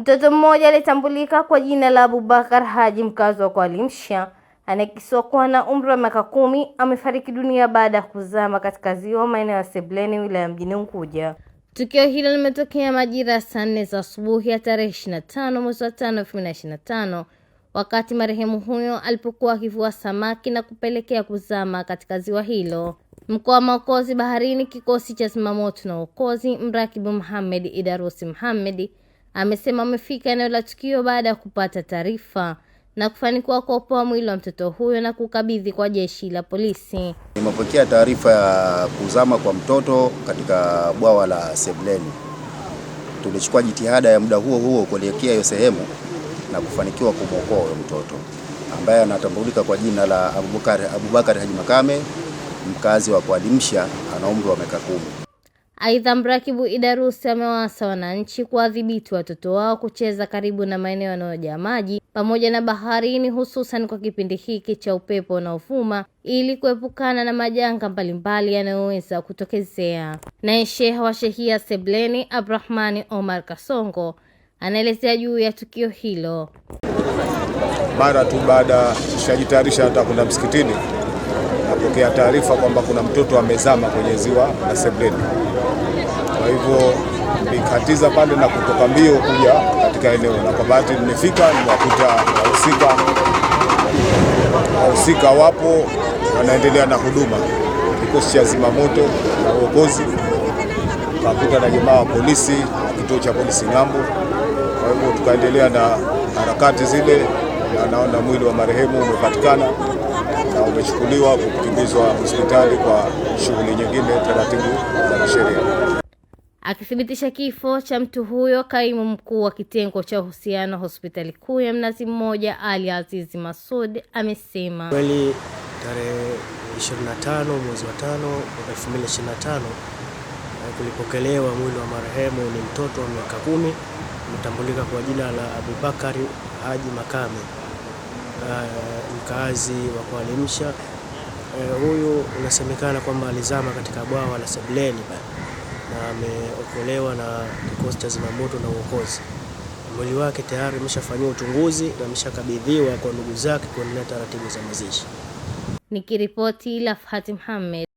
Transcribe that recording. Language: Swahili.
Mtoto mmoja alitambulika kwa jina la Abubakar Haji mkazi wa Kwalimsha anayekisiwa kuwa na umri wa miaka kumi amefariki dunia baada ya kuzama katika ziwa maeneo ya Sebleni wilaya mjini Unguja. Tukio hilo limetokea majira ya saa nne za asubuhi ya tarehe 25 mwezi wa 5 2025 wakati marehemu huyo alipokuwa akivua samaki na kupelekea kuzama katika ziwa hilo. Mkoa wa Maokozi Baharini, kikosi cha zimamoto na uokozi, mrakibu Muhamed Idarusi Muhamedi amesema amefika eneo la tukio baada ya kupata taarifa na kufanikiwa kuopoa mwili wa mtoto huyo na kukabidhi kwa jeshi la polisi. Nimepokea taarifa ya kuzama kwa mtoto katika bwawa la Sebleni. Tulichukua jitihada ya muda huo huo kuelekea hiyo sehemu na kufanikiwa kumwokoa huyo mtoto ambaye anatambulika kwa jina la Abubakar Abubakar Haji Makame, mkazi wa Kualimsha, ana umri wa miaka kumi. Aidha, mrakibu Idarusi amewaasa wananchi kuwadhibiti watoto wao kucheza karibu na maeneo yanayojaa maji pamoja na baharini, hususan kwa kipindi hiki cha upepo unaovuma ili kuepukana na majanga mbalimbali yanayoweza kutokezea. Naye shehe wa Shehia Sebleni abrahmani Omar Kasongo anaelezea juu ya tukio hilo. Mara tu baada tushajitayarisha hata kwenda msikitini, napokea taarifa kwamba kuna mtoto amezama kwenye ziwa la Sebleni. Kwa hivyo nikatiza pale na kutoka mbio kuja katika eneo, na kwa bahati nimefika niwakuta wahusika. Wahusika wapo wanaendelea na huduma, kikosi cha zimamoto na uokozi, kakuta na jamaa wa polisi, kituo cha polisi Ng'ambo. Kwa hivyo tukaendelea na harakati zile, na naona mwili wa marehemu umepatikana na umechukuliwa kukimbizwa hospitali kwa shughuli nyingine, taratibu za kisheria. Akithibitisha kifo cha mtu huyo, kaimu mkuu wa kitengo cha uhusiano hospitali kuu ya Mnazi Mmoja Ali Azizi Masud amesema kweli, tarehe 25 mwezi wa 5 mwaka 2025 eh, kulipokelewa mwili wa marehemu ni mtoto wa miaka kumi ametambulika kwa jina la Abubakari Haji Makame, eh, mkaazi wa Kualimsha. Eh, huyu unasemekana kwamba alizama katika bwawa la sebleni na ameokolewa na kikosi cha zimamoto na uokozi. Mwili wake tayari umeshafanyiwa uchunguzi na ameshakabidhiwa kwa ndugu zake kuendelea taratibu za mazishi. Nikiripoti Lafhati Muhammad.